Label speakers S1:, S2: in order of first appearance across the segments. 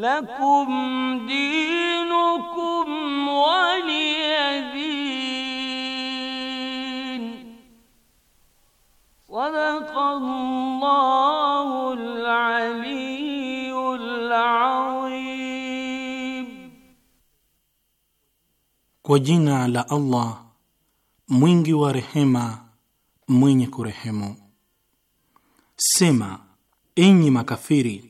S1: Lakum dinukum waliyadin. Sadakallahu al-aliyyul
S2: Kwa jina la Allah mwingi wa rehema mwenye kurehemu. Sema, enyi makafiri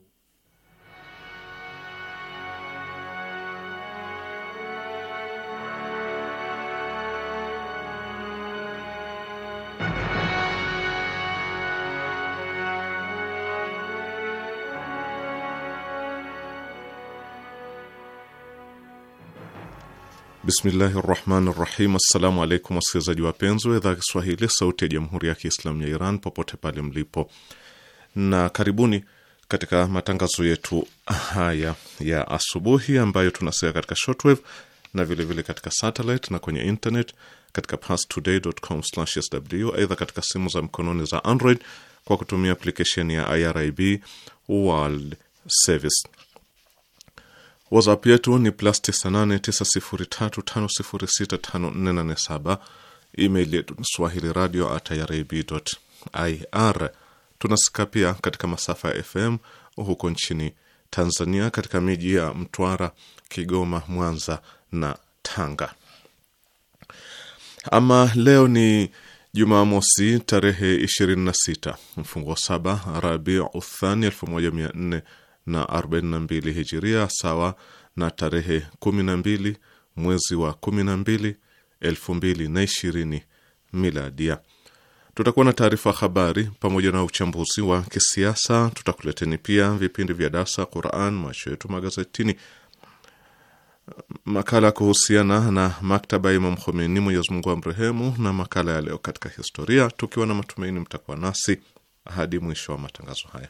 S3: Bismillahi rahmani rahim. Assalamu alaikum wasikilizaji wapenzi wa idhaa Kiswahili sauti ya jamhuri ya Kiislamu ya Iran popote pale mlipo, na karibuni katika matangazo yetu haya ya asubuhi ambayo tunasikia katika shortwave na vilevile vile katika satellite na kwenye internet katika pastodaycom sw Aidha, katika simu za mkononi za Android kwa kutumia aplikesheni ya IRIB World Service WhatsApp yetu ni plus 989035065487. Email yetu ni swahili radio at irib.ir. Tunasika pia katika masafa ya FM huko nchini Tanzania, katika miji ya Mtwara, Kigoma, Mwanza na Tanga. Ama leo ni Jumamosi tarehe 26 mfungo saba Rabiu uthani na 42 hijiria sawa na tarehe 12 mwezi wa 12 2020 miladia. Tutakuwa na taarifa habari pamoja na uchambuzi wa kisiasa. Tutakuleteni pia vipindi vya darsa Quran, macho yetu magazetini, makala kuhusiana na maktaba ya Imam Khomeini, Mwenyezi Mungu amrehemu, na makala ya leo katika historia, tukiwa na matumaini mtakuwa nasi hadi mwisho wa matangazo haya.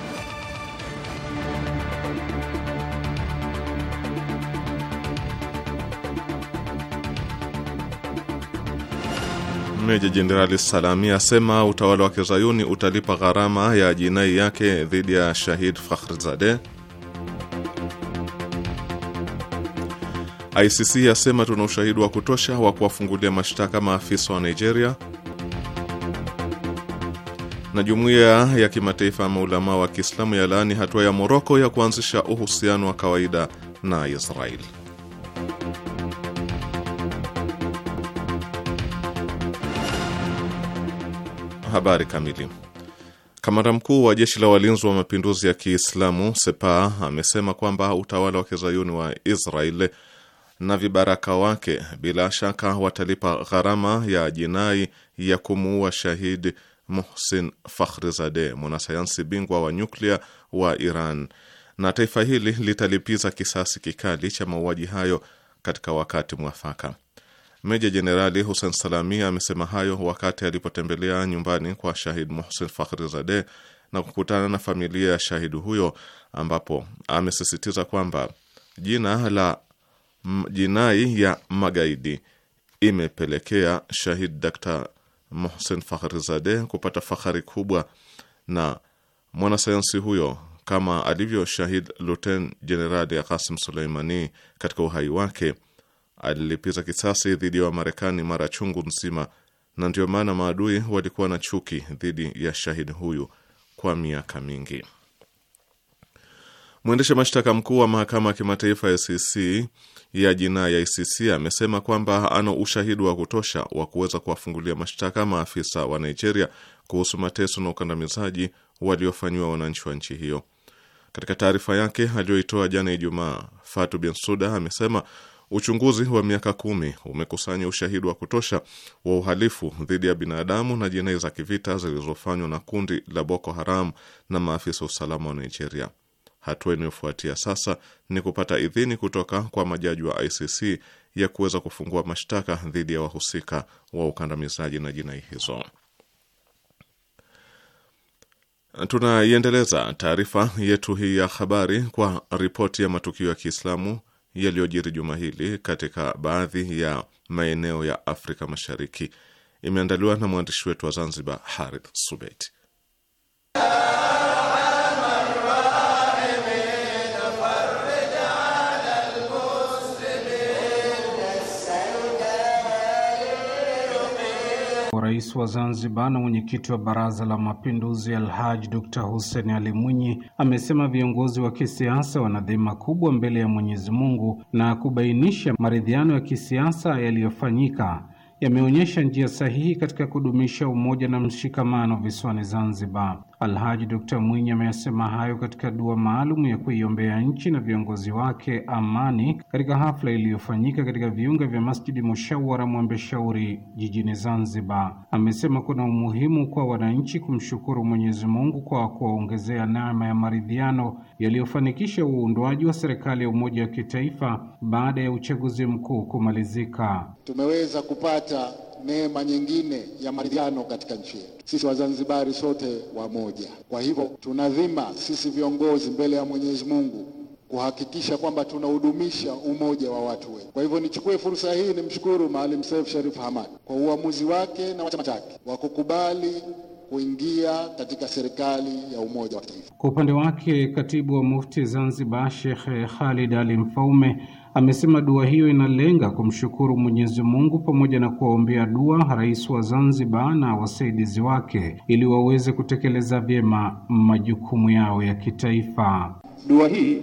S3: Meja Jenerali Salami asema utawala wa kizayuni utalipa gharama ya jinai yake dhidi ya Shahid Fakhrizade. ICC yasema tuna ushahidi wa kutosha wa kuwafungulia mashtaka maafisa wa Nigeria. Na jumuiya ya kimataifa ya maulamaa wa Kiislamu yalaani hatua ya Moroko ya kuanzisha uhusiano wa kawaida na Israeli. Habari kamili. Kamanda mkuu wa jeshi la walinzi wa mapinduzi ya Kiislamu Sepah amesema kwamba utawala wa kizayuni wa Israel na vibaraka wake bila shaka watalipa gharama ya jinai ya kumuua shahidi muhsin fahrizade mwanasayansi bingwa wa nyuklia wa Iran, na taifa hili litalipiza kisasi kikali cha mauaji hayo katika wakati mwafaka. Meja Jenerali Hussein Salami amesema hayo wakati alipotembelea nyumbani kwa shahid Mohsen Fakhrizadeh na kukutana na familia ya shahidi huyo, ambapo amesisitiza kwamba jina la jinai ya magaidi imepelekea shahid Dr. Mohsen Fakhrizadeh kupata fahari kubwa, na mwanasayansi huyo kama alivyo shahid Luten Jenerali Qasim Suleimani katika uhai wake alilipiza kisasi dhidi ya Wamarekani mara chungu mzima, na ndio maana maadui walikuwa na chuki dhidi ya shahid huyu kwa miaka mingi. Mwendesha mashtaka mkuu wa mahakama ya kimataifa ya ICC ya jinai ya ICC amesema kwamba ana ushahidi wa kutosha wa kuweza kuwafungulia mashtaka maafisa wa Nigeria kuhusu mateso na ukandamizaji waliofanyiwa wananchi wa nchi hiyo. Katika taarifa yake aliyoitoa jana Ijumaa, Fatu Bensuda amesema Uchunguzi wa miaka kumi umekusanya ushahidi wa kutosha wa uhalifu dhidi ya binadamu na jinai za kivita zilizofanywa na kundi la Boko Haram na maafisa usalama wa Nigeria. Hatua inayofuatia sasa ni kupata idhini kutoka kwa majaji wa ICC ya kuweza kufungua mashtaka dhidi ya wahusika wa ukandamizaji na jinai hizo. Tunaiendeleza taarifa yetu hii ya habari kwa ripoti ya matukio ya Kiislamu yaliyojiri juma hili katika baadhi ya maeneo ya Afrika Mashariki imeandaliwa na mwandishi wetu wa Zanzibar, Harith subet
S4: wa Rais wa Zanzibar na mwenyekiti wa Baraza la Mapinduzi Alhaji d Hussein Ali Mwinyi amesema viongozi wa kisiasa wana dhima kubwa mbele ya Mwenyezi Mungu na kubainisha maridhiano ya kisiasa yaliyofanyika yameonyesha njia sahihi katika kudumisha umoja na mshikamano visiwani Zanzibar. Alhaji d Mwinyi ameyasema hayo katika dua maalum ya kuiombea nchi na viongozi wake amani katika hafla iliyofanyika katika viunga vya Masjidi Mushawara Mwembe Shauri jijini Zanzibar. Amesema kuna umuhimu kwa wananchi kumshukuru Mwenyezi Mungu kwa kuwaongezea neema ya maridhiano yaliyofanikisha uundwaji wa serikali ya umoja wa kitaifa baada ya uchaguzi mkuu kumalizika. Tumeweza kupata neema nyingine ya maridhiano katika nchi yetu. Sisi Wazanzibari sote
S5: wamoja. Kwa hivyo tunadhima sisi viongozi mbele ya Mwenyezi Mungu kuhakikisha kwamba tunaudumisha umoja wa watu wetu. Kwa hivyo nichukue fursa hii nimshukuru Maalim Seif Sharif Hamad kwa uamuzi wake na chama chake wa kukubali kuingia
S4: katika serikali ya umoja wa kitaifa. Kwa upande wake, katibu wa Mufti Zanzibar Sheikh Khalid Ali Mfaume Amesema dua hiyo inalenga kumshukuru Mwenyezi Mungu pamoja na kuwaombea dua rais wa Zanzibar na wasaidizi wake ili waweze kutekeleza vyema majukumu yao ya kitaifa. Dua hii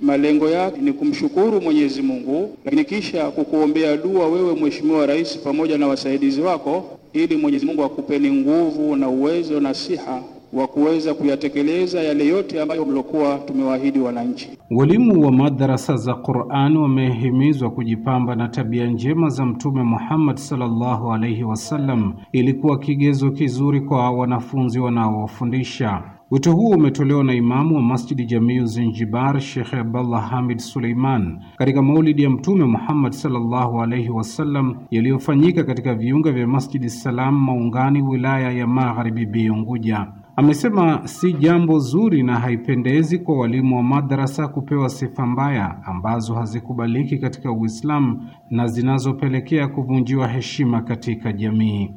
S4: malengo yake ni kumshukuru Mwenyezi Mungu, lakini kisha kukuombea dua wewe Mheshimiwa Rais pamoja na wasaidizi wako, ili Mwenyezi Mungu akupeni nguvu na uwezo na siha wa kuweza kuyatekeleza yale yote ambayo mliokuwa tumewaahidi wananchi. Walimu wa madarasa za Qur'an wamehimizwa kujipamba na tabia njema za Mtume Muhammad sallallahu alaihi wasallam ili kuwa kigezo kizuri kwa wanafunzi wanaowafundisha. Wito huo umetolewa na imamu wa Masjidi Jamiu Zinjibar, Shekhe Abdallah Hamid Suleiman katika maulidi ya Mtume Muhammad sallallahu alaihi wasallam yaliyofanyika katika viunga vya Masjidi Salam Maungani, wilaya ya Magharibi Biunguja. Amesema si jambo zuri na haipendezi kwa walimu wa madrasa kupewa sifa mbaya ambazo hazikubaliki katika Uislamu na zinazopelekea kuvunjiwa heshima katika jamii.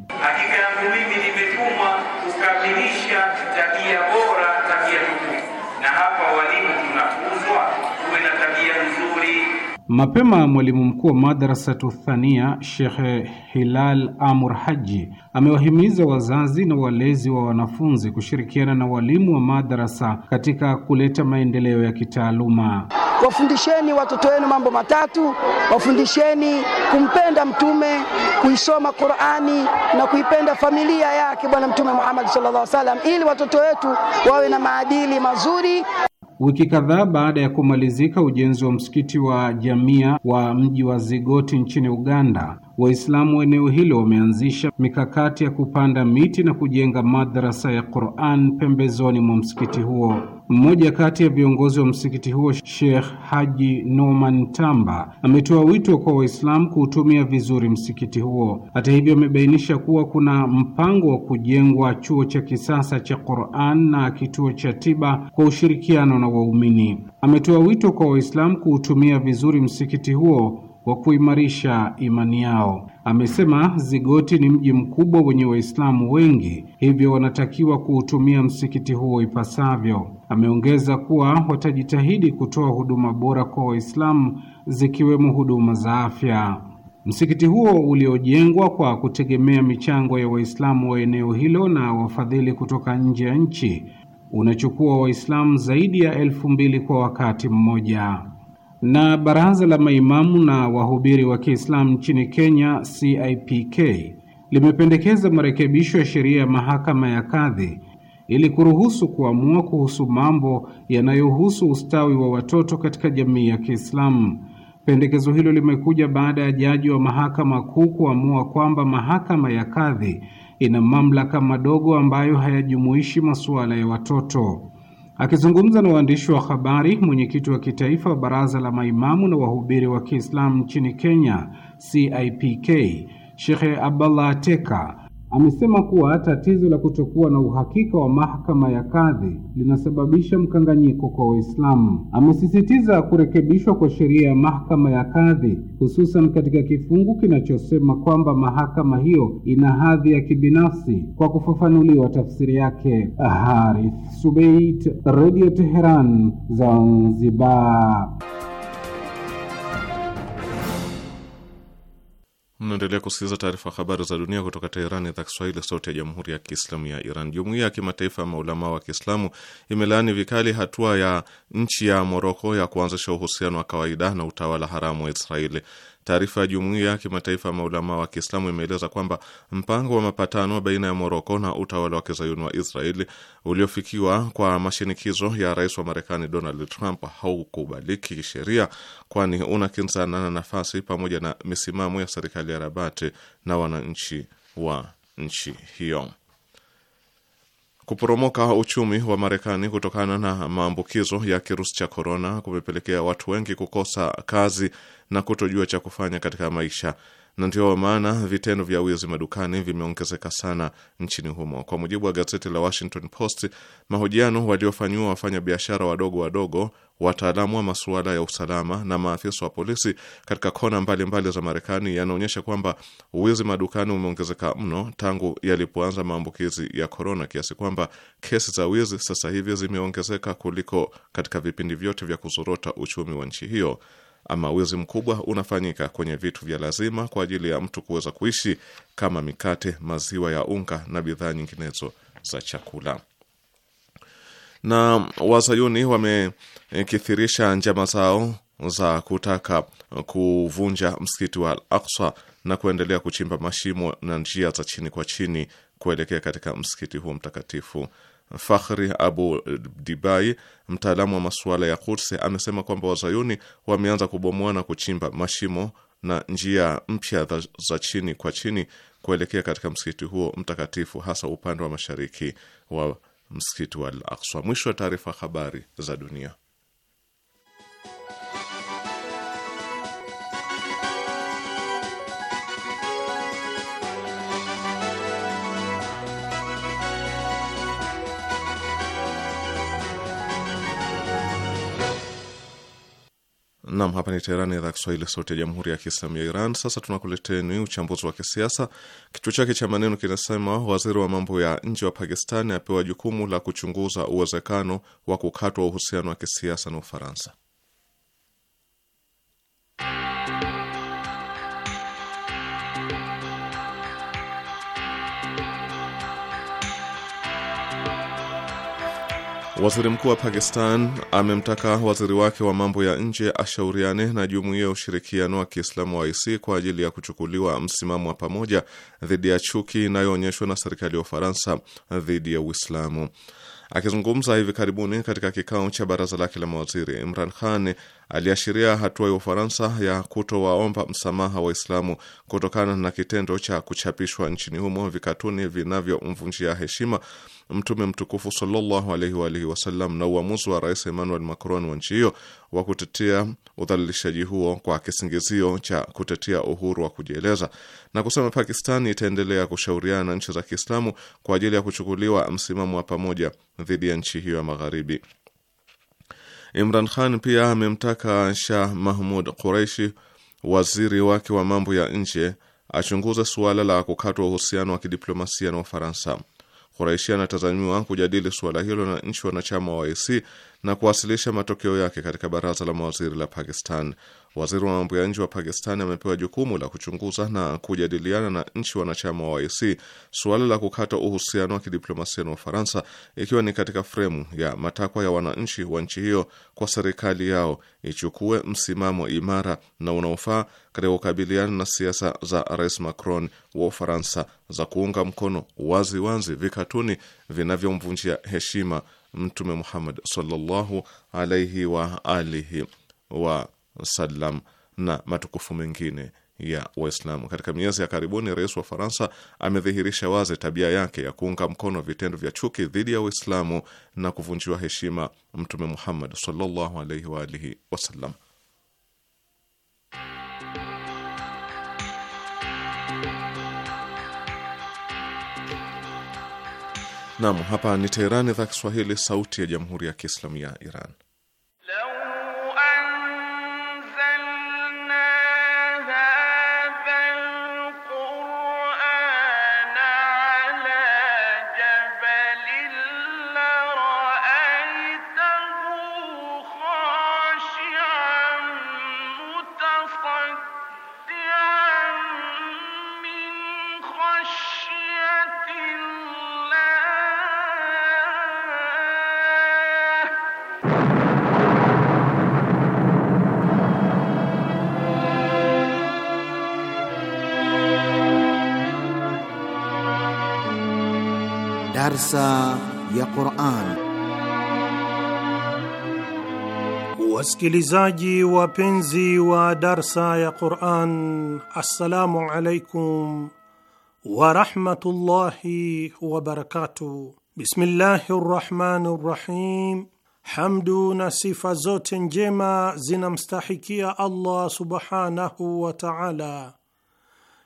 S4: Mapema mwalimu mkuu wa madrasatu thania Shekhe Hilal Amur Haji amewahimiza wazazi na walezi wa wanafunzi kushirikiana na walimu wa madarasa katika kuleta maendeleo ya kitaaluma.
S2: Wafundisheni watoto wenu mambo matatu, wafundisheni kumpenda Mtume,
S6: kuisoma Qurani na kuipenda familia yake Bwana Mtume Muhammad sallallahu alaihi wasallam,
S7: ili watoto wetu wawe na maadili mazuri.
S4: Wiki kadhaa baada ya kumalizika ujenzi wa msikiti wa Jamia wa mji wa Zigoti nchini Uganda, Waislamu wa eneo hilo wameanzisha mikakati ya kupanda miti na kujenga madrasa ya Qur'an pembezoni mwa msikiti huo. Mmoja kati ya viongozi wa msikiti huo Sheikh Haji Norman Tamba ametoa wito kwa Waislamu kuutumia vizuri msikiti huo. Hata hivyo, amebainisha kuwa kuna mpango wa kujengwa chuo cha kisasa cha Qur'an na kituo cha tiba kwa ushirikiano na waumini. Ametoa wito kwa Waislamu kuutumia vizuri msikiti huo wa kuimarisha imani yao. Amesema Zigoti ni mji mkubwa wenye Waislamu wengi, hivyo wanatakiwa kuutumia msikiti huo ipasavyo. Ameongeza kuwa watajitahidi kutoa huduma bora kwa Waislamu zikiwemo huduma za afya. Msikiti huo uliojengwa kwa kutegemea michango ya Waislamu wa eneo hilo na wafadhili kutoka nje ya nchi unachukua Waislamu zaidi ya elfu mbili kwa wakati mmoja. Na baraza la maimamu na wahubiri wa Kiislamu nchini Kenya CIPK limependekeza marekebisho ya sheria ya mahakama ya kadhi ili kuruhusu kuamua kuhusu mambo yanayohusu ustawi wa watoto katika jamii ya Kiislamu. Pendekezo hilo limekuja baada ya jaji wa mahakama kuu kuamua kwamba mahakama ya kadhi ina mamlaka madogo ambayo hayajumuishi masuala ya watoto. Akizungumza na waandishi wa habari, mwenyekiti wa kitaifa wa baraza la maimamu na wahubiri wa Kiislamu nchini Kenya, CIPK, Shekhe Abdallah Teka amesema kuwa tatizo la kutokuwa na uhakika wa mahakama ya kadhi linasababisha mkanganyiko kwa Waislamu. Amesisitiza kurekebishwa kwa sheria ya mahakama ya kadhi, hususan katika kifungu kinachosema kwamba mahakama hiyo ina hadhi ya kibinafsi, kwa kufafanuliwa tafsiri yake. Harith Subait, Radio Teheran, Zanzibar.
S3: Mnaendelea kusikiliza taarifa ya habari za dunia kutoka Teherani, idhaa Kiswahili, sauti ya jamhuri ya kiislamu ya Iran. Jumuiya ya kimataifa ya maulamaa wa Kiislamu imelaani vikali hatua ya nchi ya Moroko ya kuanzisha uhusiano wa kawaida na utawala haramu wa Israeli. Taarifa ya jumuiya ya kimataifa ya maulamaa wa Kiislamu imeeleza kwamba mpango wa mapatano baina ya Moroko na utawala wa kizayuni wa Israeli uliofikiwa kwa mashinikizo ya rais wa Marekani Donald Trump haukubaliki sheria, kwani unakinzana na nafasi pamoja na misimamo ya serikali ya Rabati na wananchi wa nchi hiyo. Kuporomoka uchumi wa Marekani kutokana na maambukizo ya kirusi cha korona kumepelekea watu wengi kukosa kazi na kutojua cha kufanya katika maisha na ndio maana vitendo vya wizi madukani vimeongezeka sana nchini humo. Kwa mujibu wa gazeti la Washington Post, mahojiano waliofanyiwa biashara wadogo wadogo, wataalamu wa masuala ya usalama na maafisa wa polisi katika kona mbalimbali mbali za Marekani yanaonyesha kwamba wizi madukani umeongezeka mno tangu yalipoanza maambukizi ya korona, kiasi kwamba kesi za wizi sasa hivi zimeongezeka kuliko katika vipindi vyote vya kuzorota uchumi wa nchi hiyo ama wizi mkubwa unafanyika kwenye vitu vya lazima kwa ajili ya mtu kuweza kuishi kama mikate, maziwa ya unga na bidhaa nyinginezo za chakula. Na wazayuni wamekithirisha njama zao za kutaka kuvunja msikiti wa Al-Aqsa na kuendelea kuchimba mashimo na njia za chini kwa chini kuelekea katika msikiti huo mtakatifu. Fakhri Abu Dibai, mtaalamu wa masuala ya Kursi, amesema kwamba wazayuni wameanza kubomoa na kuchimba mashimo na njia mpya za chini kwa chini kuelekea katika msikiti huo mtakatifu, hasa upande wa mashariki wa msikiti wa Al Aqsa. Mwisho wa taarifa. Habari za dunia. Nam, hapa ni Teherani, idhaa Kiswahili, sauti ya jamhuri ya kiislamu ya Iran. Sasa tunakuleteni uchambuzi wa kisiasa, kichwa chake cha maneno kinasema: waziri wa mambo ya nje wa Pakistani apewa jukumu la kuchunguza uwezekano wa kukatwa uhusiano wa kisiasa na Ufaransa. Waziri mkuu wa Pakistan amemtaka waziri wake wa mambo ya nje ashauriane na jumuiya ya ushirikiano wa Kiislamu wa IC kwa ajili ya kuchukuliwa msimamo wa pamoja dhidi ya chuki inayoonyeshwa na serikali ya Ufaransa dhidi ya Uislamu. Akizungumza hivi karibuni katika kikao cha baraza lake la mawaziri, Imran Khan aliashiria hatua ya Ufaransa ya kutowaomba msamaha Waislamu kutokana na kitendo cha kuchapishwa nchini humo vikatuni vinavyomvunjia heshima Mtume mtukufu sallallahu alaihi wa alihi wasallam na uamuzi wa Rais Emmanuel Macron wa nchi hiyo wa kutetea udhalilishaji huo kwa kisingizio cha kutetea uhuru wa kujieleza na kusema Pakistani itaendelea kushauriana na nchi za Kiislamu kwa ajili ya kuchukuliwa msimamo wa pamoja dhidi ya nchi hiyo ya Magharibi. Imran Khan pia amemtaka Shah Mahmud quraishi waziri wake wa mambo ya nje, achunguze suala la kukatwa uhusiano wa kidiplomasia na Ufaransa. kuraishi anatazamiwa kujadili suala hilo na nchi wanachama wa OIC na kuwasilisha matokeo yake katika baraza la mawaziri la Pakistan. Waziri wa mambo ya nje wa Pakistani amepewa jukumu la kuchunguza na kujadiliana na nchi wanachama wa OIC suala la kukata uhusiano wa kidiplomasia na Ufaransa, ikiwa ni katika fremu ya matakwa ya wananchi wa nchi hiyo kwa serikali yao ichukue msimamo imara na unaofaa katika kukabiliana na siasa za Rais Macron wa Ufaransa za kuunga mkono waziwazi wazi vikatuni vinavyomvunjia heshima Mtume Muhammad sallallahu alaihi wa alihi wa salam na matukufu mengine ya Waislamu. Katika miezi ya karibuni, rais wa Faransa amedhihirisha wazi tabia yake ya kuunga mkono vitendo vya chuki dhidi ya Waislamu na kuvunjiwa heshima Mtume Muhammad sallallahu alaihi wa alihi wasallam. hapa ni Teherani, idhaa Kiswahili, sauti ya jamhuri ya kiislamu ya Iran.
S7: Darsa ya Quran. Wasikilizaji
S2: wapenzi wa darsa ya Quran, assalamu alaikum warahmatullahi wabarakatuh. Bismillahi rrahmani rrahim. Hamdu na sifa zote njema zinamstahikia Allah subhanahu wa taala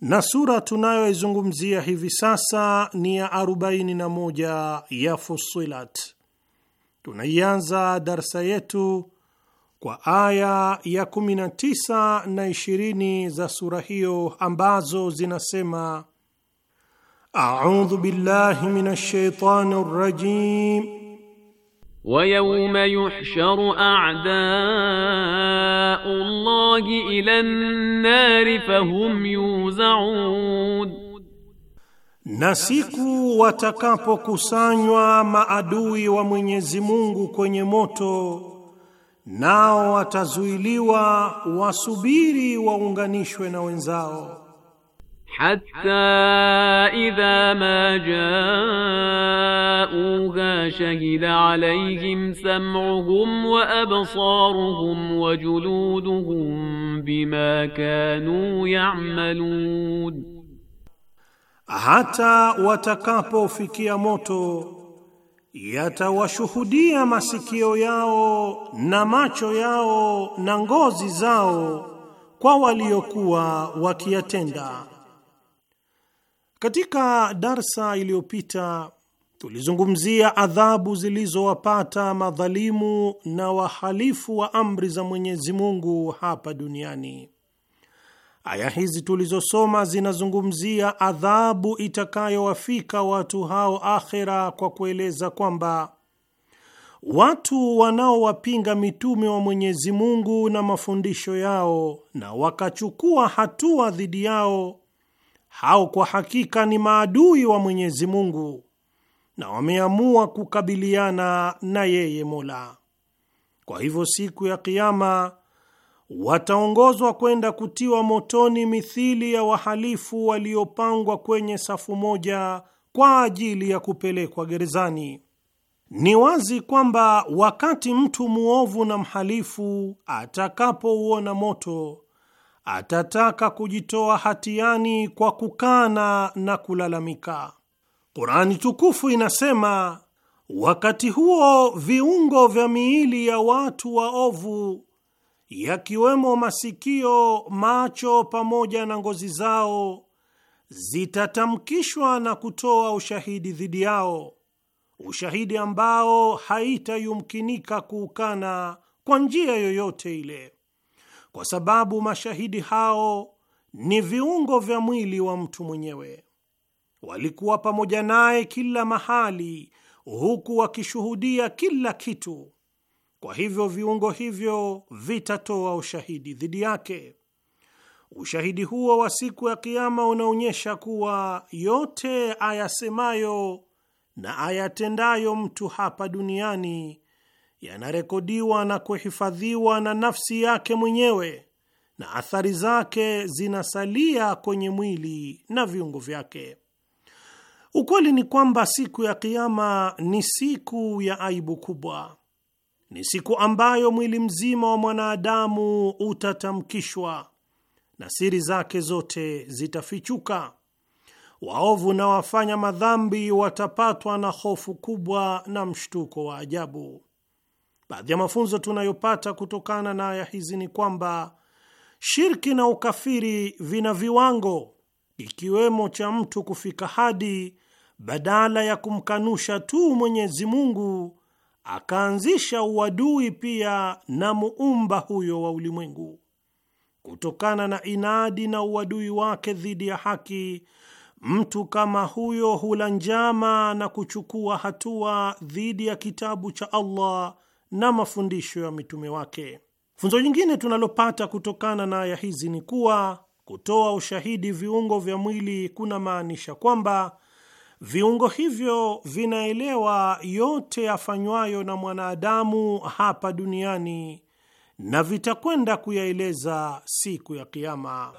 S2: na sura tunayoizungumzia hivi sasa ni ya 41 ya Fusilat. Tunaianza darsa yetu kwa aya ya 19 na 20 za sura hiyo ambazo zinasema: audhu billahi minash shaitani rajim ويوم يحشر أعداء
S8: الله إلى النار فهم يوزعون
S2: na siku watakapokusanywa maadui wa Mwenyezi Mungu kwenye moto, nao watazuiliwa wasubiri waunganishwe na wenzao.
S8: حتى إذا ما جاءوها شهد عليهم سمعهم وأبصارهم وجلودهم بما كانوا يعملون,
S2: hata watakapofikia moto yatawashuhudia masikio yao na macho yao na ngozi zao kwa waliokuwa wakiyatenda katika darsa iliyopita tulizungumzia adhabu zilizowapata madhalimu na wahalifu wa amri za Mwenyezi Mungu hapa duniani. Aya hizi tulizosoma zinazungumzia adhabu itakayowafika watu hao akhera, kwa kueleza kwamba watu wanaowapinga mitume wa Mwenyezi Mungu na mafundisho yao na wakachukua hatua dhidi yao hao kwa hakika ni maadui wa Mwenyezi Mungu na wameamua kukabiliana na yeye Mola. Kwa hivyo siku ya Kiama wataongozwa kwenda kutiwa motoni mithili ya wahalifu waliopangwa kwenye safu moja kwa ajili ya kupelekwa gerezani. Ni wazi kwamba wakati mtu mwovu na mhalifu atakapouona moto atataka kujitoa hatiani kwa kukana na kulalamika. qurani tukufu inasema, wakati huo viungo vya miili ya watu waovu yakiwemo masikio, macho pamoja na ngozi zao zitatamkishwa na kutoa ushahidi dhidi yao, ushahidi ambao haitayumkinika kuukana kwa njia yoyote ile kwa sababu mashahidi hao ni viungo vya mwili wa mtu mwenyewe. Walikuwa pamoja naye kila mahali, huku wakishuhudia kila kitu. Kwa hivyo viungo hivyo vitatoa ushahidi dhidi yake. Ushahidi huo wa siku ya Kiama unaonyesha kuwa yote ayasemayo na ayatendayo mtu hapa duniani yanarekodiwa na kuhifadhiwa na nafsi yake mwenyewe na athari zake zinasalia kwenye mwili na viungo vyake. Ukweli ni kwamba siku ya Kiama ni siku ya aibu kubwa, ni siku ambayo mwili mzima wa mwanadamu utatamkishwa na siri zake zote zitafichuka. Waovu na wafanya madhambi watapatwa na hofu kubwa na mshtuko wa ajabu. Baadhi ya mafunzo tunayopata kutokana na aya hizi ni kwamba shirki na ukafiri vina viwango, ikiwemo cha mtu kufika hadi badala ya kumkanusha tu Mwenyezi Mungu akaanzisha uadui pia na muumba huyo wa ulimwengu. Kutokana na inadi na uadui wake dhidi ya haki, mtu kama huyo hula njama na kuchukua hatua dhidi ya kitabu cha Allah na mafundisho ya mitume wake. Funzo jingine tunalopata kutokana na aya hizi ni kuwa kutoa ushahidi viungo vya mwili kuna maanisha kwamba viungo hivyo vinaelewa yote yafanywayo na mwanadamu hapa duniani na vitakwenda kuyaeleza siku ya Kiama.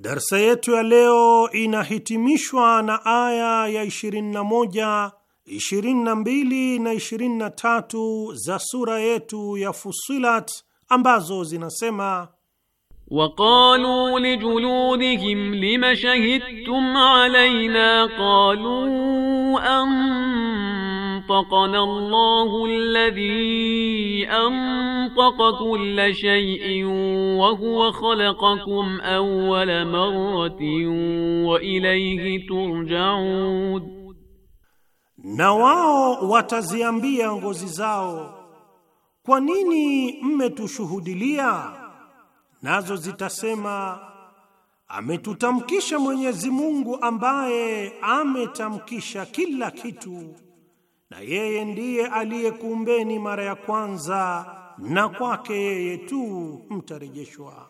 S2: Darsa yetu ya leo inahitimishwa na aya ya 21, 22 na 23 za sura yetu ya Fusilat ambazo zinasema: waqalu
S8: lijuludihim lima shahidtum alayna qalu an أنطقنا الله الذي أنطق كل شيء وهو خلقكم أول مرة وإليه ترجعون
S2: na wao wataziambia ngozi zao, kwa nini mmetushuhudilia? Nazo zitasema ametutamkisha Mwenyezi Mungu ambaye ametamkisha kila kitu na yeye ndiye aliyekumbeni mara ya kwanza na kwake yeye tu mtarejeshwa.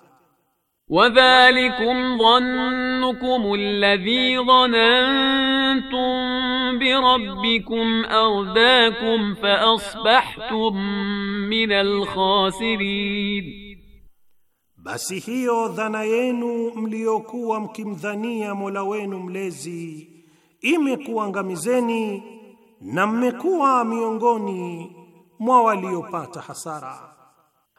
S2: وذلكم ظنكم
S8: الذي ظننتم بربكم أرداكم فأصبحتم من الخاسرين
S2: Basi hiyo dhana yenu mliyokuwa mkimdhania Mola wenu mlezi imekuangamizeni na mmekuwa miongoni mwa waliopata hasara.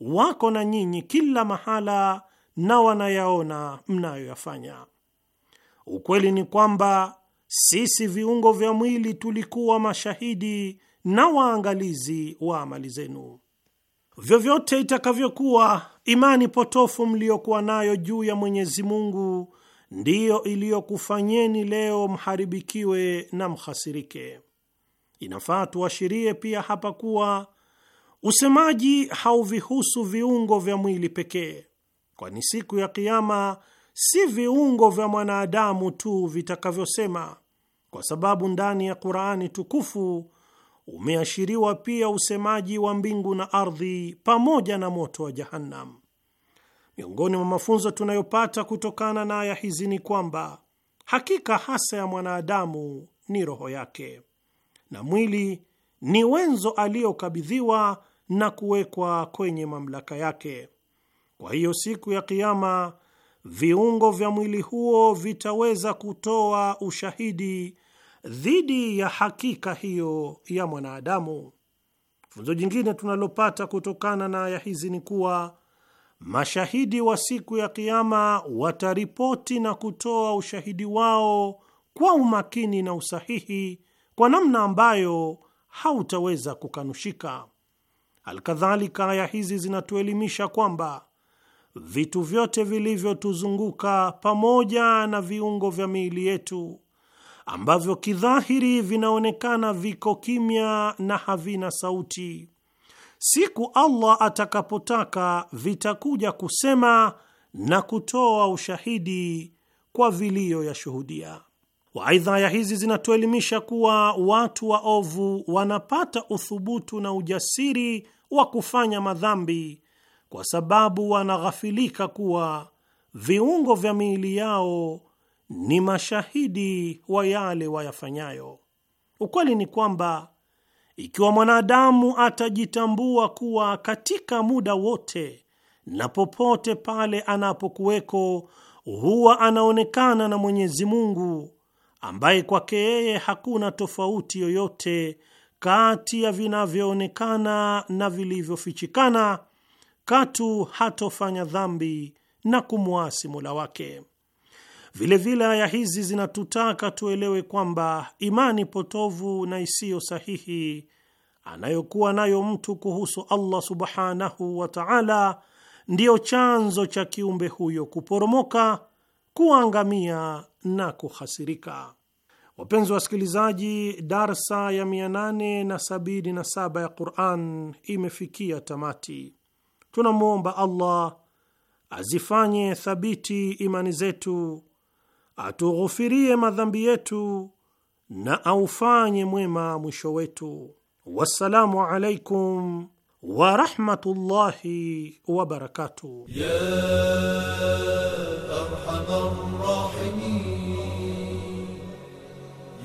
S2: wako na nyinyi kila mahala na wanayaona mnayoyafanya. Ukweli ni kwamba sisi viungo vya mwili tulikuwa mashahidi na waangalizi wa amali zenu. Vyovyote itakavyokuwa imani potofu mliyokuwa nayo juu ya Mwenyezi Mungu ndiyo iliyokufanyeni leo mharibikiwe na mhasirike. Inafaa tuashirie pia hapa kuwa Usemaji hauvihusu viungo vya mwili pekee, kwani siku ya Kiama si viungo vya mwanadamu tu vitakavyosema, kwa sababu ndani ya Qur'ani tukufu umeashiriwa pia usemaji wa mbingu na ardhi pamoja na moto wa Jahannam. Miongoni mwa mafunzo tunayopata kutokana na aya hizi ni kwamba hakika hasa ya mwanadamu ni roho yake na mwili ni wenzo aliyokabidhiwa na kuwekwa kwenye mamlaka yake. Kwa hiyo siku ya Kiama viungo vya mwili huo vitaweza kutoa ushahidi dhidi ya hakika hiyo ya mwanadamu. Funzo jingine tunalopata kutokana na aya hizi ni kuwa mashahidi wa siku ya Kiama wataripoti na kutoa ushahidi wao kwa umakini na usahihi, kwa namna ambayo hautaweza kukanushika. Alkadhalika, aya hizi zinatuelimisha kwamba vitu vyote vilivyotuzunguka pamoja na viungo vya miili yetu ambavyo kidhahiri vinaonekana viko kimya na havina sauti, siku Allah atakapotaka vitakuja kusema na kutoa ushahidi kwa vilio ya shuhudia. Waidha, aya hizi zinatuelimisha kuwa watu waovu wanapata uthubutu na ujasiri wa kufanya madhambi kwa sababu wanaghafilika kuwa viungo vya miili yao ni mashahidi wa yale wayafanyayo. Ukweli ni kwamba ikiwa mwanadamu atajitambua kuwa katika muda wote na popote pale anapokuweko huwa anaonekana na Mwenyezi Mungu ambaye kwake yeye hakuna tofauti yoyote kati ya vinavyoonekana na vilivyofichikana, katu hatofanya dhambi na kumwasi Mola wake. Vilevile vile aya hizi zinatutaka tuelewe kwamba imani potovu na isiyo sahihi anayokuwa nayo mtu kuhusu Allah subhanahu wa ta'ala ndiyo chanzo cha kiumbe huyo kuporomoka, kuangamia na kuhasirika. Wapenzi wasikilizaji, darsa ya 877 ya Quran imefikia tamati. Tunamwomba Allah azifanye thabiti imani zetu, atughufirie madhambi yetu na aufanye mwema mwisho wetu. Wassalamu alaikum wa rahmatullahi wa barakatuh.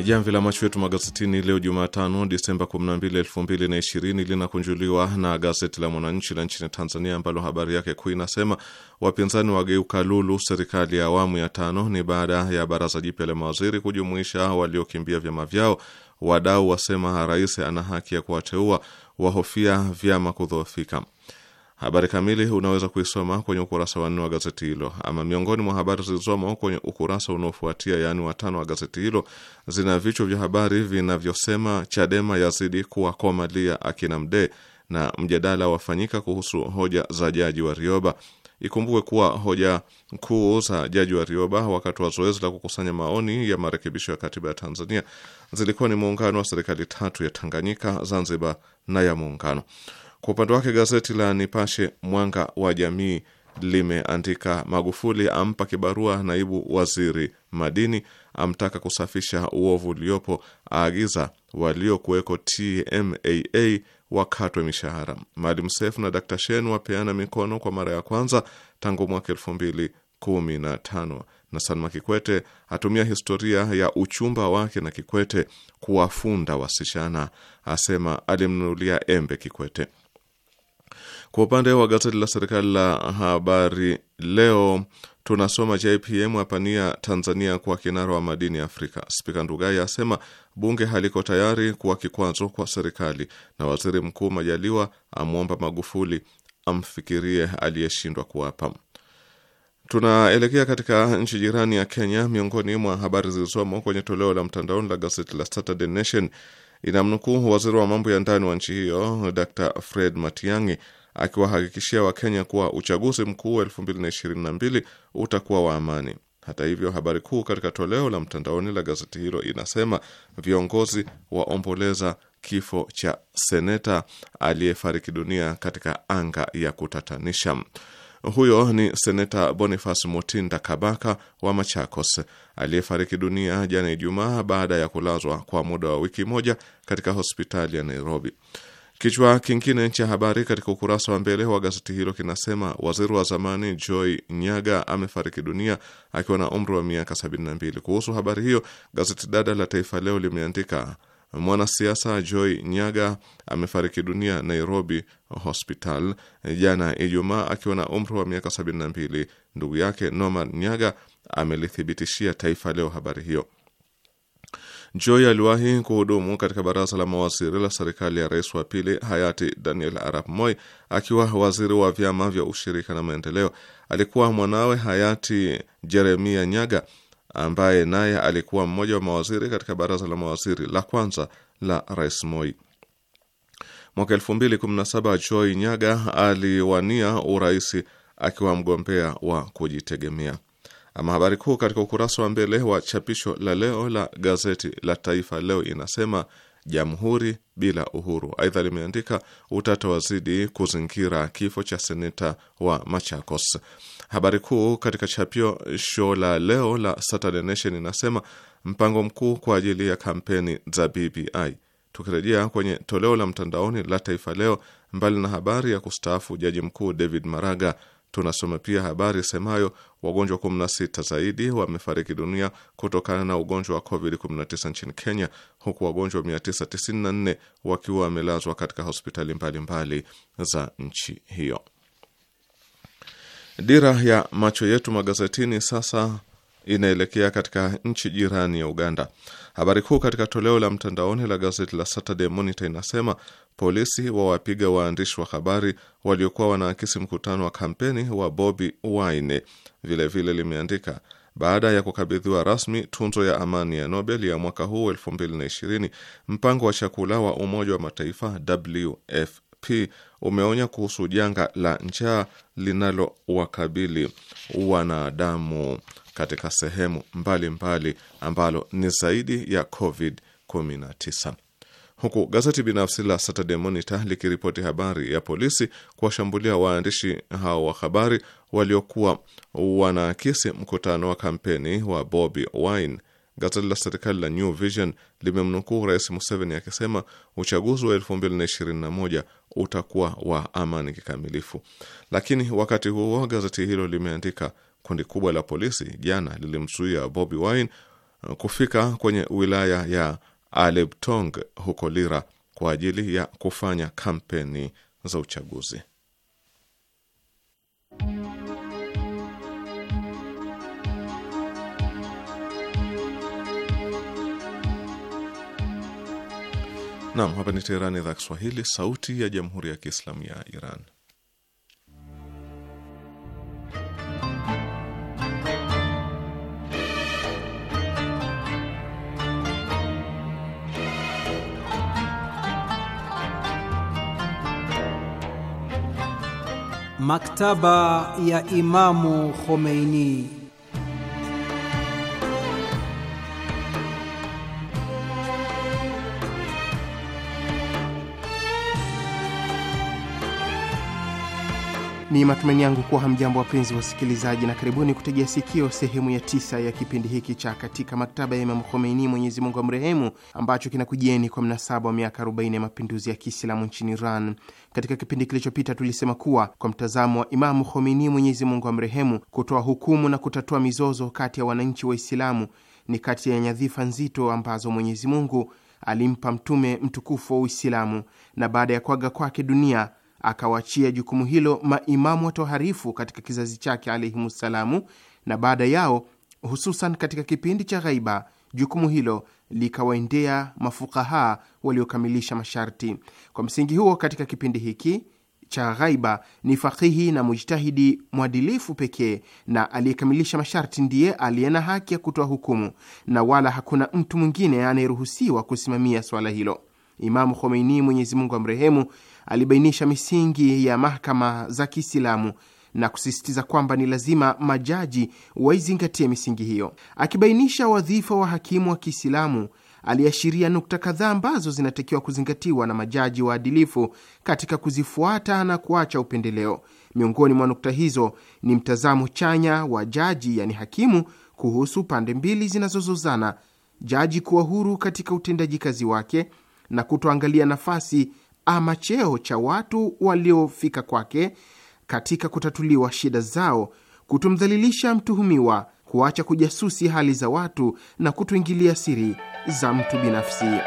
S3: Jamvi la macho yetu magazetini leo Jumatano, Disemba 12, 2020 linakunjuliwa na gazeti la Mwananchi la nchini Tanzania, ambalo habari yake kuu inasema wapinzani wageuka lulu serikali ya awamu ya tano. Ni baada ya baraza jipya la mawaziri kujumuisha waliokimbia vyama vyao. Wadau wasema rais ana haki ya kuwateua, wahofia vyama kudhoofika. Habari kamili unaweza kuisoma kwenye ukurasa wa nne wa gazeti hilo. Ama miongoni mwa habari zilizomo kwenye ukurasa unaofuatia, yaani watano wa gazeti hilo, zina vichwa vya habari vinavyosema Chadema yazidi kuwakomalia akina Mdee na mjadala wafanyika kuhusu hoja za jaji wa rioba Ikumbukwe kuwa hoja kuu za jaji wa rioba wakati wa zoezi la kukusanya maoni ya marekebisho ya katiba ya Tanzania zilikuwa ni muungano wa serikali tatu ya Tanganyika, Zanzibar na ya muungano. Kwa upande wake gazeti la Nipashe Mwanga wa Jamii limeandika Magufuli ampa kibarua naibu waziri madini, amtaka kusafisha uovu uliopo, aagiza waliokuweko TMAA wakatwe mishahara. Maalim Seif na Dr. Shein wapeana mikono kwa mara ya kwanza tangu mwaka elfu mbili kumi na tano na Salma Kikwete atumia historia ya uchumba wake na Kikwete kuwafunda wasichana, asema alimnunulia embe Kikwete. Kwa upande wa gazeti la serikali la Habari Leo tunasoma JPM apania Tanzania kwa kinara wa madini ya Afrika. Spika Ndugai asema bunge haliko tayari kuwa kikwazo kwa serikali, na waziri mkuu Majaliwa amwomba Magufuli amfikirie aliyeshindwa kuwapa. Tunaelekea katika nchi jirani ya Kenya. Miongoni mwa habari zilizomo kwenye toleo la mtandaoni la gazeti la Saturday Nation inamnukuu waziri wa mambo ya ndani wa nchi hiyo Dr Fred Matiang'i akiwahakikishia Wakenya kuwa uchaguzi mkuu wa 2022 utakuwa wa amani. Hata hivyo, habari kuu katika toleo la mtandaoni la gazeti hilo inasema viongozi waomboleza kifo cha seneta aliyefariki dunia katika anga ya kutatanisha. Huyo ni seneta Boniface Mutinda Kabaka wa Machakos aliyefariki dunia jana Ijumaa baada ya kulazwa kwa muda wa wiki moja katika hospitali ya Nairobi. Kichwa kingine cha habari katika ukurasa wa mbele wa gazeti hilo kinasema waziri wa zamani Joy Nyaga amefariki dunia akiwa na umri wa miaka 72. Kuhusu habari hiyo, gazeti dada la Taifa Leo limeandika mwanasiasa Joy Nyaga amefariki dunia Nairobi Hospital jana Ijumaa akiwa na umri wa miaka 72. Ndugu yake Norman Nyaga amelithibitishia Taifa Leo habari hiyo. Joy aliwahi kuhudumu katika baraza la mawaziri la serikali ya rais wa pili hayati Daniel Arap Moi akiwa waziri wa vyama vya ushirika na maendeleo. Alikuwa mwanawe hayati Jeremia Nyaga ambaye naye alikuwa mmoja wa mawaziri katika baraza la mawaziri la kwanza la rais Moi. Mwaka saba Joy Nyaga aliwania uraisi akiwa mgombea wa kujitegemea. Ama habari kuu katika ukurasa wa mbele wa chapisho la leo la gazeti la Taifa Leo inasema jamhuri bila uhuru. Aidha limeandika utata wazidi kuzingira kifo cha seneta wa Machakos. Habari kuu katika chapisho la leo la Saturday Nation inasema mpango mkuu kwa ajili ya kampeni za BBI. Tukirejea kwenye toleo la mtandaoni la Taifa Leo, mbali na habari ya kustaafu jaji mkuu David Maraga Tunasoma pia habari semayo wagonjwa 16 zaidi wamefariki dunia kutokana na ugonjwa wa COVID-19 nchini Kenya, huku wagonjwa 994 wakiwa wamelazwa katika hospitali mbalimbali mbali za nchi hiyo. Dira ya macho yetu magazetini sasa inaelekea katika nchi jirani ya Uganda. Habari kuu katika toleo la mtandaoni la gazeti la Saturday Monitor inasema polisi wawapiga waandishi wa habari waliokuwa wanaakisi mkutano wa kampeni wa Bobi Wine. Vilevile limeandika baada ya kukabidhiwa rasmi tunzo ya amani ya Nobel ya mwaka huu 2020, mpango wa chakula wa Umoja wa Mataifa WFP umeonya kuhusu janga la njaa linalowakabili wanadamu katika sehemu mbalimbali mbali, ambalo ni zaidi ya COVID-19 huku gazeti binafsi la Saturday Monitor likiripoti habari ya polisi kuwashambulia waandishi hao wa habari waliokuwa wanaakisi mkutano wa kampeni wa Bobi Wine. Gazeti la serikali la New Vision limemnukuu Rais Museveni akisema uchaguzi wa 2021 utakuwa wa amani kikamilifu. Lakini wakati huo gazeti hilo limeandika kundi kubwa la polisi jana lilimzuia Bobi Wine kufika kwenye wilaya ya Alebtong huko Lira kwa ajili ya kufanya kampeni za uchaguzi. Naam, hapa ni Teherani, idhaa Kiswahili, sauti ya Jamhuri ya Kiislamu ya Iran.
S4: Maktaba ya Imamu Khomeini.
S5: Ni matumaini yangu kuwa hamjambo wapenzi wasikilizaji, na karibuni kutegea sikio sehemu ya tisa ya kipindi hiki cha katika maktaba ya Imamu Khomeini, Mwenyezi Mungu amrehemu, ambacho kinakujieni kwa mnasaba wa miaka 40 ya mapinduzi ya Kiislamu nchini Iran. Katika kipindi kilichopita tulisema kuwa kwa mtazamo wa Imamu Khomeini, Mwenyezi Mungu amrehemu, kutoa hukumu na kutatua mizozo kati ya wananchi Waislamu ni kati ya nyadhifa nzito ambazo Mwenyezi Mungu alimpa mtume mtukufu wa Uislamu, na baada ya kuaga kwake dunia akawachia jukumu hilo maimamu watoharifu katika kizazi chake alaihimussalamu, na baada yao, hususan katika kipindi cha ghaiba, jukumu hilo likawaendea mafukaha waliokamilisha masharti. Kwa msingi huo, katika kipindi hiki cha ghaiba ni fakihi na mujtahidi mwadilifu pekee na aliyekamilisha masharti ndiye aliye na haki ya kutoa hukumu, na wala hakuna mtu mwingine anayeruhusiwa kusimamia swala hilo. Imamu Khomeini, Mwenyezi Mungu amrehemu, alibainisha misingi ya mahakama za Kiislamu na kusisitiza kwamba ni lazima majaji waizingatie misingi hiyo. Akibainisha wadhifa wa hakimu wa Kiislamu, aliashiria nukta kadhaa ambazo zinatakiwa kuzingatiwa na majaji waadilifu katika kuzifuata na kuacha upendeleo. Miongoni mwa nukta hizo ni mtazamo chanya wa jaji, yani hakimu, kuhusu pande mbili zinazozozana, jaji kuwa huru katika utendaji kazi wake na kutoangalia nafasi ama cheo cha watu waliofika kwake katika kutatuliwa shida zao, kutomdhalilisha mtuhumiwa, kuacha kujasusi hali za watu na kutoingilia siri za mtu binafsi.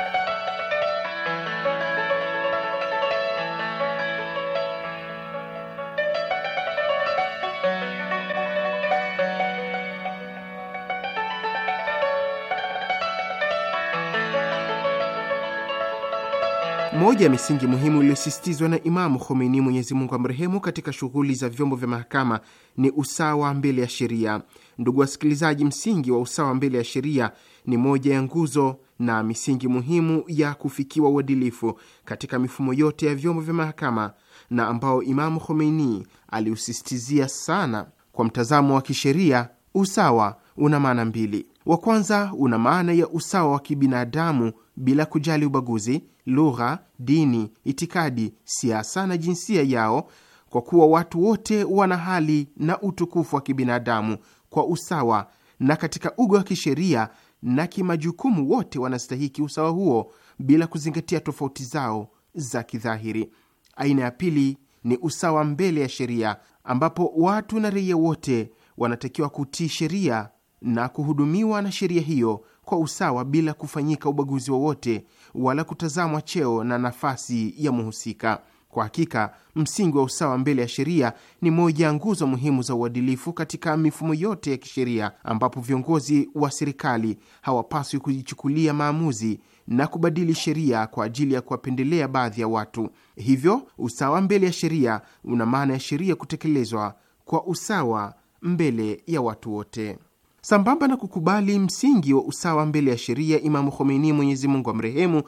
S5: Moja ya misingi muhimu iliyosisitizwa na Imamu Khomeini, Mwenyezi Mungu amrehemu, katika shughuli za vyombo vya mahakama ni usawa mbele ya sheria. Ndugu wasikilizaji, msingi wa usawa mbele ya sheria ni moja ya nguzo na misingi muhimu ya kufikiwa uadilifu katika mifumo yote ya vyombo vya mahakama na ambao Imamu Khomeini aliusisitizia sana. Kwa mtazamo wa kisheria, usawa una maana mbili. Wa kwanza una maana ya usawa wa kibinadamu bila kujali ubaguzi, lugha, dini, itikadi, siasa na jinsia yao, kwa kuwa watu wote wana hali na utukufu wa kibinadamu kwa usawa, na katika uga wa kisheria na kimajukumu wote wanastahiki usawa huo bila kuzingatia tofauti zao za kidhahiri. Aina ya pili ni usawa mbele ya sheria, ambapo watu na raia wote wanatakiwa kutii sheria na kuhudumiwa na sheria hiyo kwa usawa bila kufanyika ubaguzi wowote wa wala kutazamwa cheo na nafasi ya mhusika. Kwa hakika msingi wa usawa mbele ya sheria ni moja ya nguzo muhimu za uadilifu katika mifumo yote ya kisheria, ambapo viongozi wa serikali hawapaswi kujichukulia maamuzi na kubadili sheria kwa ajili ya kuwapendelea baadhi ya watu. Hivyo, usawa mbele ya sheria una maana ya sheria kutekelezwa kwa usawa mbele ya watu wote sambamba na kukubali msingi wa usawa mbele ya sheria, Imamu Khomeini, Mwenyezi Mungu amrehemu,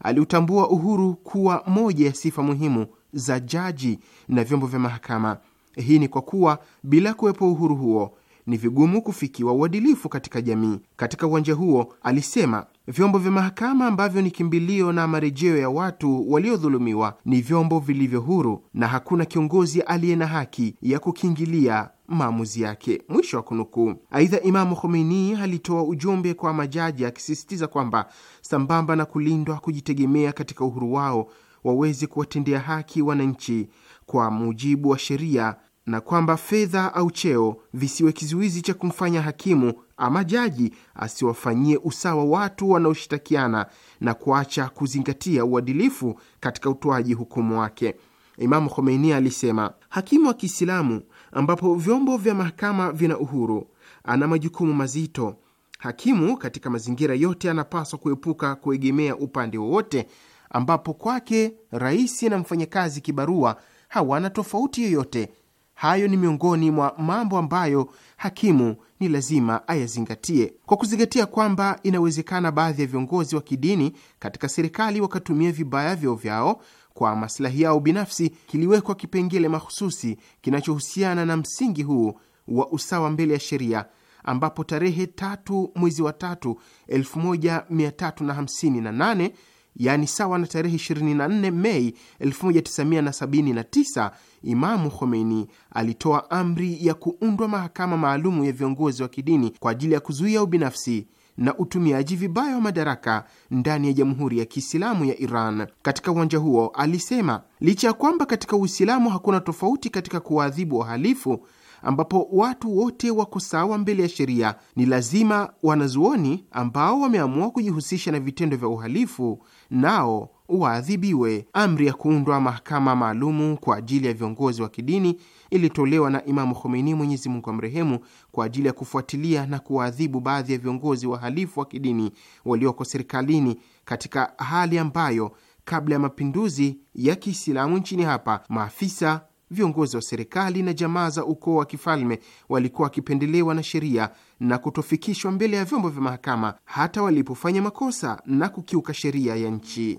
S5: aliutambua uhuru kuwa moja ya sifa muhimu za jaji na vyombo vya mahakama. Hii ni kwa kuwa bila kuwepo uhuru huo ni vigumu kufikiwa uadilifu katika jamii. Katika uwanja huo, alisema vyombo vya mahakama ambavyo ni kimbilio na marejeo ya watu waliodhulumiwa ni vyombo vilivyo huru na hakuna kiongozi aliye na haki ya kukiingilia maamuzi yake. Mwisho wa kunukuu. Aidha, Imamu Khomeini alitoa ujumbe kwa majaji akisisitiza kwamba sambamba na kulindwa kujitegemea katika uhuru wao, waweze kuwatendea haki wananchi kwa mujibu wa sheria na kwamba fedha au cheo visiwe kizuizi cha kumfanya hakimu ama jaji asiwafanyie usawa watu wanaoshitakiana na kuacha kuzingatia uadilifu katika utoaji hukumu wake. Imamu Khomeini alisema, hakimu wa Kiislamu ambapo vyombo vya mahakama vina uhuru, ana majukumu mazito. Hakimu katika mazingira yote anapaswa kuepuka kuegemea upande wowote, ambapo kwake rais na mfanyakazi kibarua hawana tofauti yoyote. Hayo ni miongoni mwa mambo ambayo hakimu ni lazima ayazingatie, kwa kuzingatia kwamba inawezekana baadhi ya viongozi wa kidini katika serikali wakatumia vibaya vyeo vyao kwa masilahi yao binafsi kiliwekwa kipengele mahususi kinachohusiana na msingi huu wa usawa mbele ya sheria ambapo tarehe tatu mwezi wa tatu 1358 yaani sawa na tarehe 24 Mei 1979 Imamu Khomeini alitoa amri ya kuundwa mahakama maalumu ya viongozi wa kidini kwa ajili ya kuzuia ubinafsi na utumiaji vibaya wa madaraka ndani ya Jamhuri ya Kiislamu ya Iran. Katika uwanja huo alisema, licha ya kwamba katika Uislamu hakuna tofauti katika kuwaadhibu wahalifu ambapo watu wote wako sawa mbele ya sheria, ni lazima wanazuoni ambao wameamua kujihusisha na vitendo vya uhalifu nao waadhibiwe. Amri ya kuundwa mahakama maalumu kwa ajili ya viongozi wa kidini ilitolewa na Imamu Khomeini, Mwenyezi Mungu amrehemu, kwa ajili ya kufuatilia na kuwaadhibu baadhi ya viongozi wahalifu wa kidini walioko serikalini katika hali ambayo kabla ya mapinduzi ya Kiislamu nchini hapa maafisa viongozi wa serikali na jamaa za ukoo wa kifalme walikuwa wakipendelewa na sheria na kutofikishwa mbele ya vyombo vya mahakama hata walipofanya makosa na kukiuka sheria ya nchi.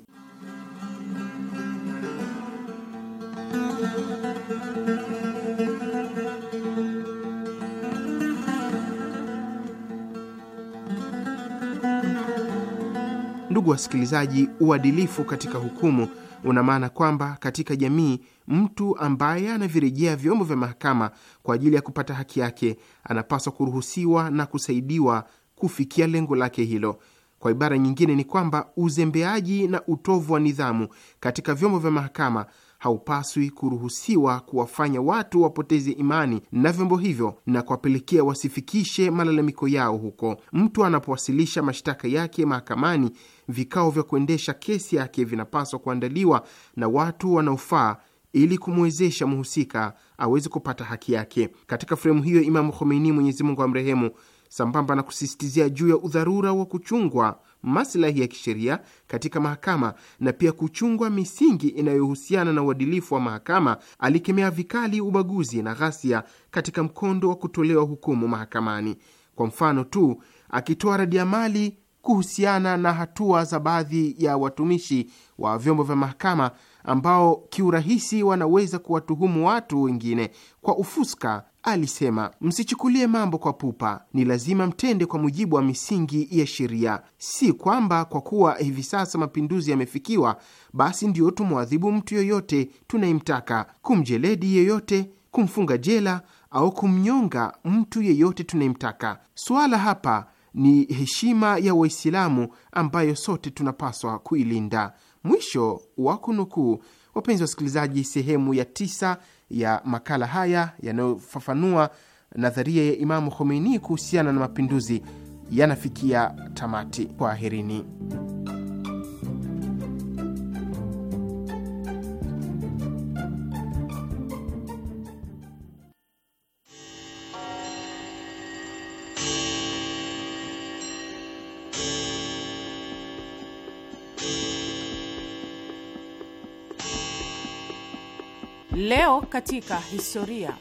S5: Ndugu wasikilizaji, uadilifu katika hukumu una maana kwamba katika jamii, mtu ambaye anavirejea vyombo vya mahakama kwa ajili ya kupata haki yake anapaswa kuruhusiwa na kusaidiwa kufikia lengo lake hilo. Kwa ibara nyingine, ni kwamba uzembeaji na utovu wa nidhamu katika vyombo vya mahakama haupaswi kuruhusiwa kuwafanya watu wapoteze imani na vyombo hivyo na kuwapelekea wasifikishe malalamiko yao huko. Mtu anapowasilisha mashtaka yake mahakamani, vikao vya kuendesha kesi yake vinapaswa kuandaliwa na watu wanaofaa ili kumwezesha mhusika aweze kupata haki yake. Katika fremu hiyo, Imamu Khomeini, Mwenyezi Mungu amrehemu, sambamba na kusisitizia juu ya udharura wa kuchungwa maslahi ya kisheria katika mahakama na pia kuchungwa misingi inayohusiana na uadilifu wa mahakama. Alikemea vikali ubaguzi na ghasia katika mkondo wa kutolewa hukumu mahakamani, kwa mfano tu akitoa radiamali kuhusiana na hatua za baadhi ya watumishi wa vyombo vya mahakama ambao kiurahisi wanaweza kuwatuhumu watu wengine kwa ufuska alisema, msichukulie mambo kwa pupa, ni lazima mtende kwa mujibu wa misingi ya sheria, si kwamba kwa kuwa hivi sasa mapinduzi yamefikiwa, basi ndiyo tumwadhibu mtu yoyote tunayemtaka, kumjeledi yeyote, kumfunga jela au kumnyonga mtu yeyote tunayemtaka. Suala hapa ni heshima ya Waislamu ambayo sote tunapaswa kuilinda. Mwisho wa kunukuu. Wapenzi wasikilizaji, sehemu ya tisa ya makala haya yanayofafanua nadharia ya Imamu Khomeini kuhusiana na mapinduzi yanafikia tamati. Kwaherini.
S6: Leo katika historia.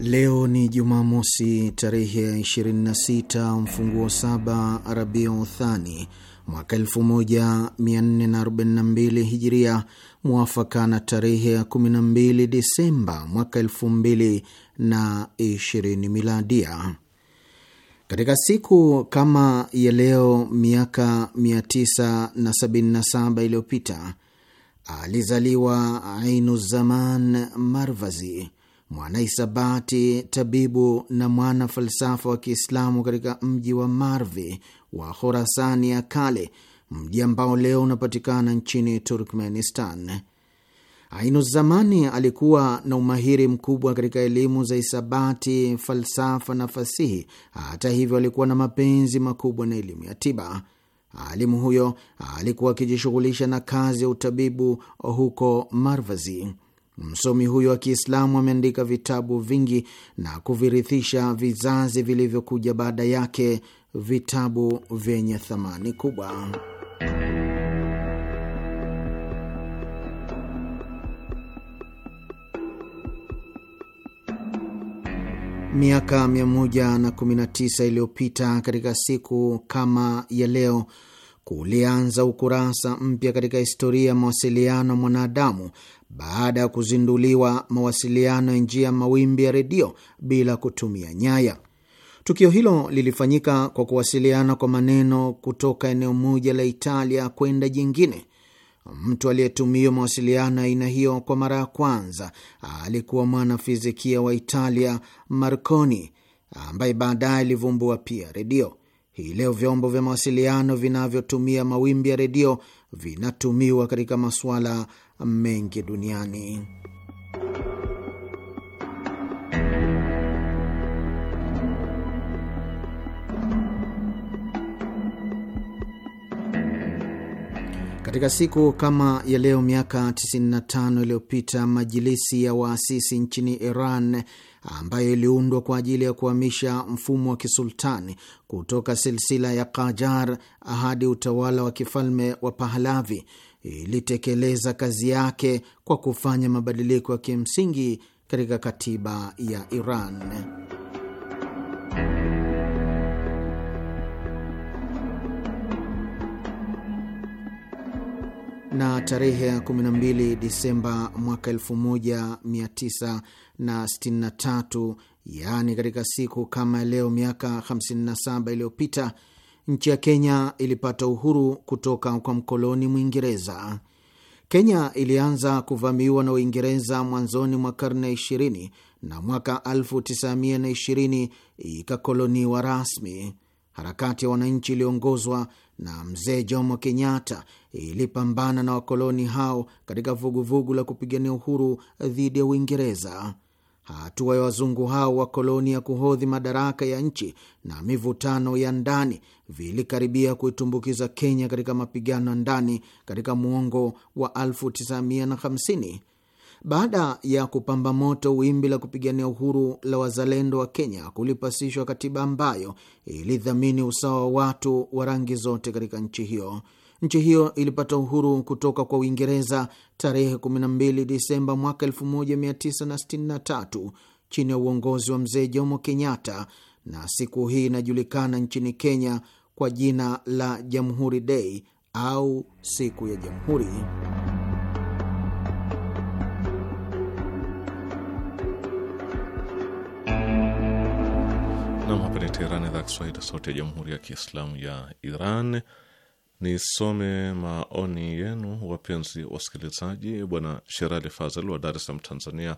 S7: Leo ni Jumamosi tarehe ya 26 mfunguo saba Rabiu Thani mwaka 1442 Hijiria, mwafaka na tarehe ya 12 Disemba mwaka 2020 Miladia. Katika siku kama ya leo miaka 977 iliyopita alizaliwa Ainuzaman Marvazi, mwanahisabati, tabibu na mwana falsafa wa Kiislamu katika mji wa Marvi wa Khorasani ya kale, mji ambao leo unapatikana nchini Turkmenistan zamani alikuwa na umahiri mkubwa katika elimu za hisabati, falsafa na fasihi. Hata hivyo, alikuwa na mapenzi makubwa na elimu ya tiba. Alimu huyo alikuwa akijishughulisha na kazi ya utabibu huko Marvazi. Msomi huyo wa Kiislamu ameandika vitabu vingi na kuvirithisha vizazi vilivyokuja baada yake, vitabu vyenye thamani kubwa. Miaka 119 iliyopita katika siku kama ya leo kulianza ukurasa mpya katika historia ya mawasiliano mwanadamu baada ya kuzinduliwa mawasiliano ya njia mawimbi ya redio bila kutumia nyaya. Tukio hilo lilifanyika kwa kuwasiliana kwa maneno kutoka eneo moja la Italia kwenda jingine Mtu aliyetumia mawasiliano aina hiyo kwa mara ya kwanza alikuwa mwanafizikia wa Italia Marconi, ambaye baadaye alivumbua pia redio. Hii leo vyombo vya mawasiliano vinavyotumia mawimbi ya redio vinatumiwa katika masuala mengi duniani. Katika siku kama ya leo miaka 95 iliyopita majilisi ya waasisi nchini Iran ambayo iliundwa kwa ajili ya kuhamisha mfumo wa kisultani kutoka silsila ya kajar hadi utawala wa kifalme wa Pahlavi ilitekeleza kazi yake kwa kufanya mabadiliko ya kimsingi katika katiba ya Iran. na tarehe ya 12 Disemba mwaka 1963, yaani katika siku kama leo miaka 57 iliyopita, nchi ya Kenya ilipata uhuru kutoka kwa mkoloni Mwingereza. Kenya ilianza kuvamiwa na Uingereza mwanzoni mwa karne 20 na mwaka 1920 ikakoloniwa rasmi. Harakati ya wananchi iliongozwa na mzee Jomo Kenyatta ilipambana na wakoloni hao katika vuguvugu la kupigania uhuru dhidi ya Uingereza. Hatua ya wazungu hao wakoloni ya kuhodhi madaraka ya nchi na mivutano ya ndani vilikaribia kuitumbukiza Kenya katika mapigano ya ndani katika muongo wa 1950. Baada ya kupamba moto wimbi la kupigania uhuru la wazalendo wa Kenya, kulipasishwa katiba ambayo ilidhamini usawa wa watu wa rangi zote katika nchi hiyo. Nchi hiyo ilipata uhuru kutoka kwa Uingereza tarehe 12 Disemba mwaka 1963 chini ya uongozi wa Mzee Jomo Kenyatta, na siku hii inajulikana nchini Kenya kwa jina la Jamhuri Day au siku ya Jamhuri. Nam, hapa
S3: ni Teherani, idhaa Kiswahili, sauti ya jamhuri ya kiislamu ya Iran nisome maoni yenu, wapenzi wasikilizaji. Bwana Sherali Fazel wa Dar es Salaam, Tanzania,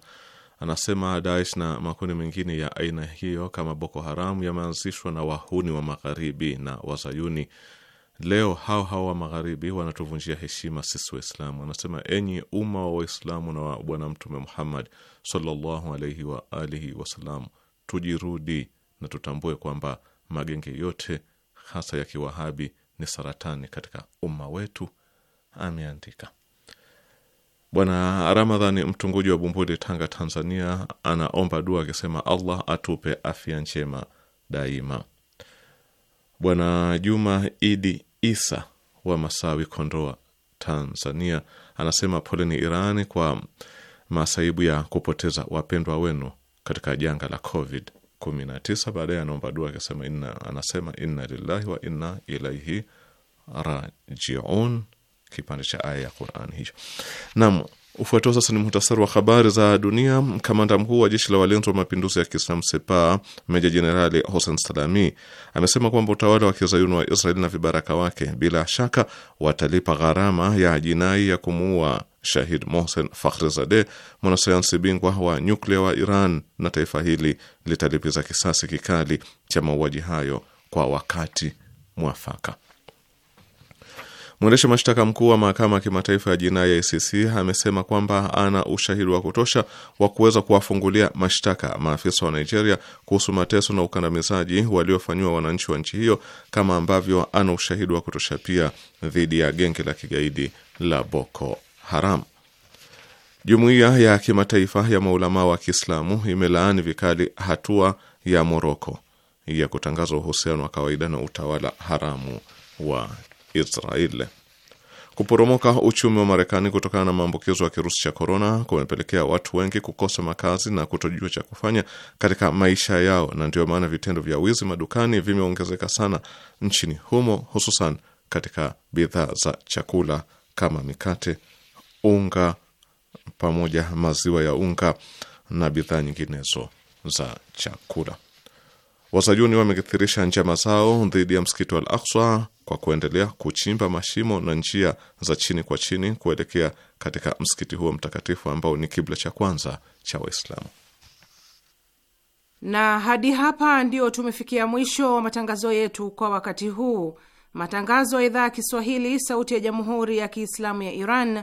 S3: anasema Daesh na makundi mengine ya aina hiyo kama Boko Haram yameanzishwa na wahuni wa magharibi na wazayuni. Leo hao hao wa magharibi wanatuvunjia heshima sisi Waislamu. Anasema enyi umma wa Waislamu na wa Bwana Mtume Muhammad sallallahu alaihi wa alihi wasalam, tujirudi na tutambue kwamba magenge yote hasa ya Kiwahabi ni saratani katika umma wetu, ameandika Bwana Ramadhani Mtunguji wa Bumbuli, Tanga, Tanzania, anaomba dua akisema, Allah atupe afya njema daima. Bwana Juma Idi Isa wa Masawi, Kondoa, Tanzania, anasema poleni Irani kwa masaibu ya kupoteza wapendwa wenu katika janga la Covid tisa Baadaye anaomba dua akisema inna, anasema inna lillahi wa inna ilaihi rajiun, kipande cha aya ya Qur'an hicho. Naam, ufuatao sasa ni muhtasari wa habari za dunia. Kamanda mkuu wa jeshi la walinzi wa mapinduzi ya Kiislam Sepa, meja jenerali Hossein Salami amesema kwamba utawala wa kizayuni wa Israeli na vibaraka wake bila shaka watalipa gharama ya jinai ya kumuua Shahid Mohsen Fakhrizadeh, mwanasayansi bingwa wa nyuklia wa Iran, na taifa hili litalipiza kisasi kikali cha mauaji hayo kwa wakati mwafaka. Mwendesha mashtaka mkuu wa mahakama ya kimataifa ya jinai ya ICC amesema kwamba ana ushahidi wa kutosha wa kuweza kuwafungulia mashtaka maafisa wa Nigeria kuhusu mateso na ukandamizaji waliofanyiwa wananchi wa nchi hiyo, kama ambavyo ana ushahidi wa kutosha pia dhidi ya genge la kigaidi la Boko haram. Jumuiya ya kimataifa ya maulama wa Kiislamu imelaani vikali hatua ya Moroko ya kutangaza uhusiano wa kawaida na utawala haramu wa Israel. Kuporomoka uchumi wa Marekani kutokana na maambukizo ya kirusi cha korona kumepelekea watu wengi kukosa makazi na kutojua cha kufanya katika maisha yao, na ndiyo maana vitendo vya wizi madukani vimeongezeka sana nchini humo, hususan katika bidhaa za chakula kama mikate unga pamoja maziwa ya unga na bidhaa nyinginezo za chakula. Wazayuni wamekithirisha njama zao dhidi ya msikiti wa Al Aqsa kwa kuendelea kuchimba mashimo na njia za chini kwa chini kuelekea katika msikiti huo mtakatifu ambao ni kibla cha kwanza cha Waislamu.
S6: Na hadi hapa ndio tumefikia mwisho wa matangazo yetu kwa wakati huu. Matangazo ya idhaa ya Kiswahili, sauti ya jamhuri ya kiislamu ya Iran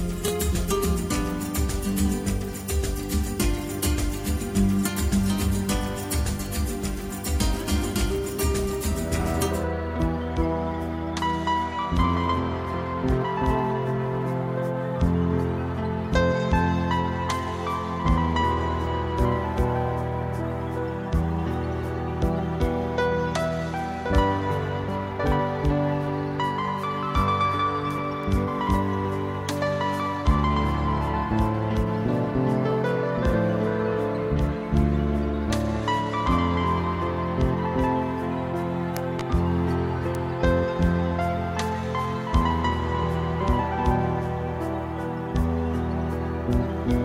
S9: Thank you.